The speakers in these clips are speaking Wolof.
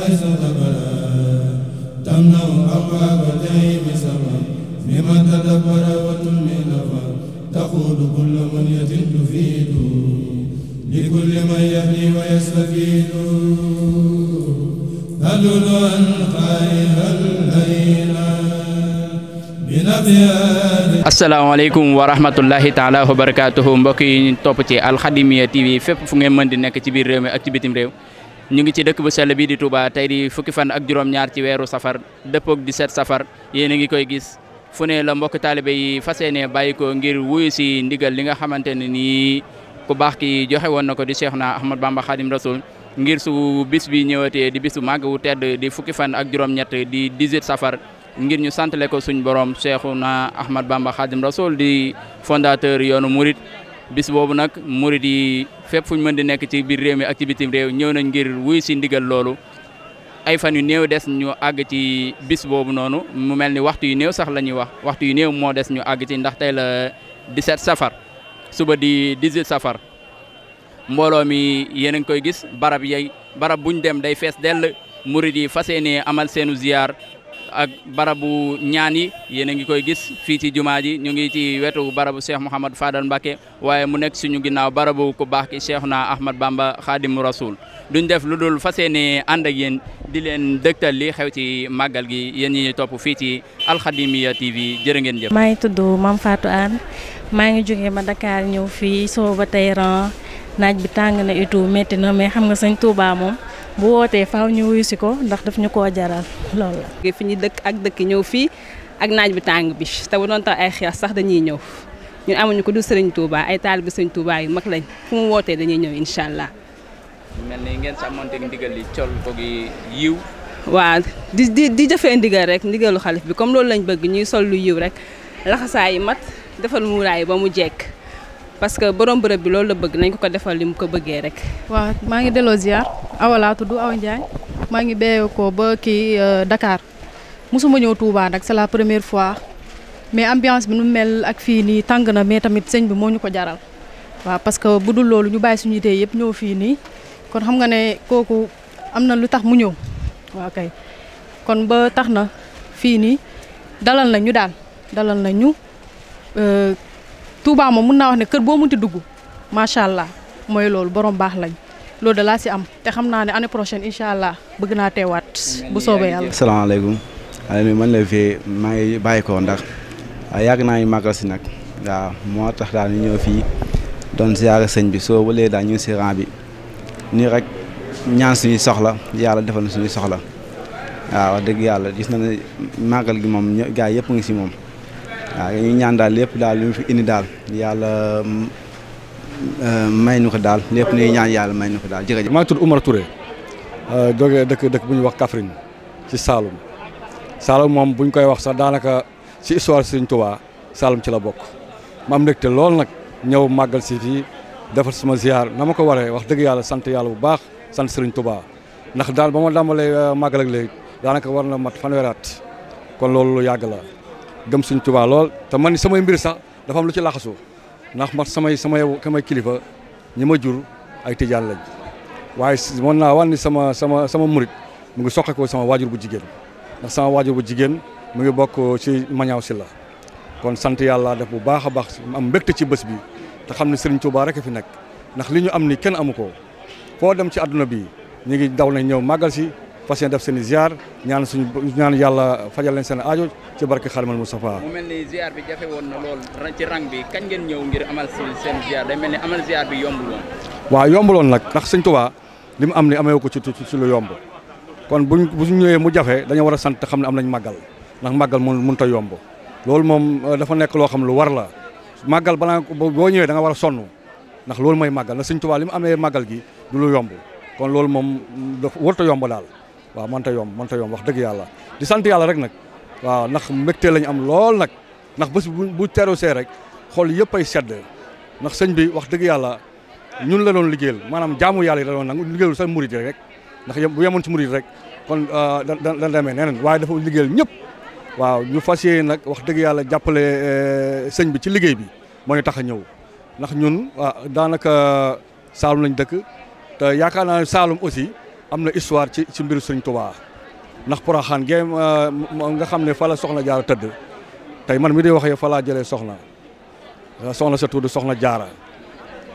ليست بلا تمنع أبواب الجحيم سما لمن تدبر وتمني نفا تقول كل من يتم تفيد لكل من يهدي ويستفيد تدل عن خير الليل asalaamaaleykum wa rahmatullahi taala wa barakatuhu mbokk yi ñu topp ci alxadimiya tv fépp fu ngeen mën di nekk ci biir réew mi ak ci bitim réew ñu ngi ci dëkk bu sell bii di Touba tey di fukki fan ak juróom-ñaar ci weeru safar dëppook 17 safar yéen a ngi koy gis fu ne la mbokk taalibe yi fas yéene bàyyi ko ngir wuyu si ndigal li nga xamante ne nii ku baax ki joxe woon na ko di Cheikh na Ahmad Bamba Khadim Rasoul ngir su bis bi ñëwatee di bisu màgg wu tedd di fukki fan ak juróom-ñett di 18 safar ngir ñu santale ko suñ borom Cheikh na Ahmad Bamba Khadim Rasoul di fondateur yoonu Mouride. bis boobu nag murid yi fépp fu ñu mën di nekk ci biir réew mi ak ci réew ñëw nañ ngir wuy si ndigal loolu ay fan yu néew des ñu àgg ci bis boobu noonu mu mel ni waxtu yu néew sax la ñuy wax waxtu yu néew moo des ñu àgg ci ndax tey la 17 safar suba di 18 safar mbooloo mi yéen a ngi koy gis barab yay barab buñ dem day fees dell murid yi fas yéenee amal seenu ziyaar ak barabu ñaan yi yéen a ngi koy gis fii ci jumaa ji ñu ngi ci wetu barabu Cheikh Mouhamadou Fadal Mbacké waaye mu nekk suñu ginaaw barabu ku baax ki na Ahmad Bamba Khadimu Rasul duñ def lu dul fa yéene ànd ak yéen di leen dëgtal li xew ci màggal gi yéen ñi topp fii ci Alkhadimiyyah TV jërë ngeen jëf. maa ngi tudd Mame Fatou Anne maa ngi jógee ba Dakar ñëw fii soo ba tey naaj bi tàng na et tout na mais xam nga sëñ Touba moom. bu wootee faw ñu wuyu si ko ndax daf ñu ko jaral loolu la. fi ñu dëkk ak dëkk ñëw fii ak naaj bi tàng bi te bu doon tax ay xeex sax dañuy ñëw ñun amuñu ko du Serigne Touba ay taalibe Serigne Touba yu mag lañ fu mu wootee dañuy ñëw incha allah. mel ni ngeen sàmmanteeg ndigal li col ko yiw. waaw di di di jëfee ndigal rek ndigalu xalif bi comme loolu lañ bëgg ñuy sol lu yiw rek laxasaa yi mat defal muuraay ba mu jekk. parce que borom bëreub bi loolu la bëgg nañ ko ko defal lim ko bëggee rek waaw maa ngi delloo ziar awa laa tudd aw njaay maa ngi ko ba kii euh, dakar musuma ñëw touba nag c'est la première fois mais ambiance bi nu mel ak fii nii tàng na mais tamit sëñ bi moo ñu ko jaral waaw parce que bu dul loolu ñu bàyyi suñu yitee yëpp ñëw fii nii kon xam nga ne kooku am na lu tax mu ñëw waaw kay kon ba tax na fii nii dalal nañu daal dalal nañu euh, Touba moom mun naa wax ne kër boo munti dugg macha allah mooy loolu borom baax lañ loolu da laa si am te xam naa ne année prochaine incha allah bëgg naa teewaat bu soobee yàlla. salaamaaleykum Aliou man la fii maa ngi bàyyi ko ndax yàgg naa ñu màggal si nag waaw moo tax daal ñu ñëw fii doon ziyaara sëñ bi soo walee daal ñu si rang bi nii rek ñaan suñuy soxla yàlla defal na suñuy soxla waaw wax dëgg yàlla gis na ne màggal gi moom gaa yëpp ngi si moom. waaw ñu ñaan daal lépp daal lu ñu fi indi daal yàlla euh, may nu ko daal lépp ñuy ñaan yàlla may nu ko daal jërëjëf. maa ngi tudd Oumar Touré euh, jógee dëkk dëkk bu ñuy wax Kaffrine ci Saloum Saloum moom bu ñu koy wax sax daanaka si histoire Serigne Touba Saloum ci la bokk ma am te lool nag ñëw màggal si fii defal sama ziar na ma ko waree wax dëgg yàlla sant yàlla bu baax sant Serigne Touba ndax daal ba ma dàmbalee euh, màggal léegi daanaka war na mat fanweeraat kon loolu yàgg la. gëm suñ tubaa lool te man samay mbir sax dafa am lu ci laxasu ndax man samay samay samay kilifa ñi ma jur ay tijaan lañ waaye mën naa wax ni sama sama sama murit mu ngi soqe ko sama waajur bu jigéen ndax sama waajur bu jigéen mu ngi bokk ci mañaaw si la kon sant yàlla def bu baax a baax am mbégte ci bés bi te xam ne sëriñ Tuubaa rek fi nekk ndax li ñu am ni kenn amu ko foo dem ci àdduna bi ñu ngi daw nañ ñëw màggal si fas yéene def seen i ñaan suñu ñaan yàlla fajal seen aajo ci barke Xaadimal Mustafa. mu mel ni ziar bi jafe woon na lool ci rang bi kañ ngeen ñëw ngir amal seen ziar day mel ni amal ziar bi waaw yombul nag ndax sëñ Tuubaa li mu am ni amee ko ci ci lu yomb kon buñ buñ ñëwee mu jafe dañoo war a sant xam ne am nañ màggal ndax màggal mu mënut a yomb loolu moom euh, dafa nekk loo xam lu war la màggal balaa boo ñëwee danga war a sonn ndax loolu mooy màggal na sëñ Tuubaa li mu amee màggal gi lu yomb kon loolu moom dafa warut a yomb daal. waaw mënta yomb mënta yoom wax dëgg yàlla di sant yàlla rek nag waaw ndax mbégte lañu am lool nag ndax bés bu teeroo see rek xool yëpp ay sedd ndax sëñ bi wax dëgg yàlla ñun la doon liggéeyal maanaam jaamu yàlla yi la doon nangu liggéeyul sa murid rek ndax bu yemoon ci murid rek kon ah, da da demee neneen waaye dafa liggéeyal ñëpp waaw ñu fas yee nag wax dëgg yàlla jàppale eh, sëñ bi ci liggéey bi moo tax a ñëw ndax ñun ah, daanaka Saalum lañ dëkk te yaakaar naa ne aussi am na histoire ci ci mbiru ndax Touba ndax Porokhane gee euh, nga xam ne fala la soxna jaara tëdd tey man mi di waxee fa laa jëlee soxna euh, soxna sa tudd soxna jaara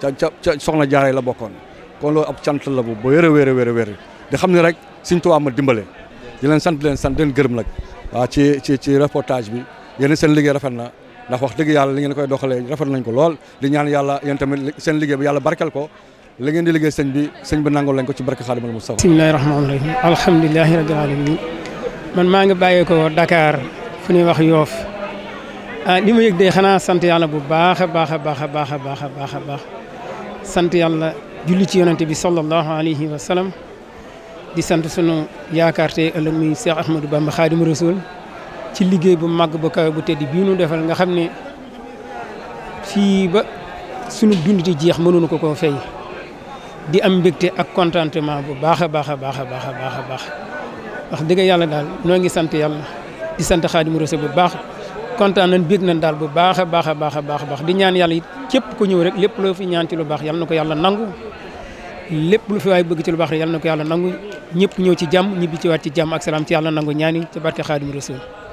ca ca soxna jaara yi la bokkoon kon loolu ab cant la bu ba wér a wér a wér di xam ne rek Sëriñ Touba ma dimbale di leen sant di leen sant di leen nag waa ci ci ci reportage bi yéen seen liggéey rafet na ndax wax dëgg yàlla li ngeen koy doxalee rafet nañ ko lool di ñaan yàlla yéen tamit seen liggéey bi yàlla barkal ko la ngeen di liggéey sëñ bi sëñ bi nangul lañ ko ci barke Xaadimal Mustafa bismillahi rahmaani rahim alhamdulilahi rabbil alamin man maa ngi bàyyee ko Dakar fu ñuy wax yoof ah li ma yëg de xanaa sant yàlla bu baax a baax a baax a baax a baax a baax a baax sant yàlla julli ci yonante bi sallallahu alayhi wa sallam di sant sunu yaakaar te ëllëg muy Cheikh Ahmadou Bamba Xaadimu Rasuul ci liggéey bu màgg bu kawe bu tedd bii nu defal nga xam ne fii ba sunu dund di jeex mënuñu ko koo fay di am mbégte ak contentement bu baax a baax a baax a baax a baax a baax wax dëgg yàlla daal noo ngi sant yàlla di sant Xaadimu Rasuul bu baax kontaan nañ bég nañ daal bu baax a baax a baax a baax di ñaan yàlla it képp ku ñëw rek lépp loo fi ñaan ci lu baax yàlla na ko yàlla nangu lépp lu fi waay bëgg ci lu baax rek yàlla na ko yàlla nangu ñëpp ñëw ci jàmm ñibbi ci waat ci jàmm ak salaam ci yàlla nangu ñaani ci barke Xaadimu Rasuul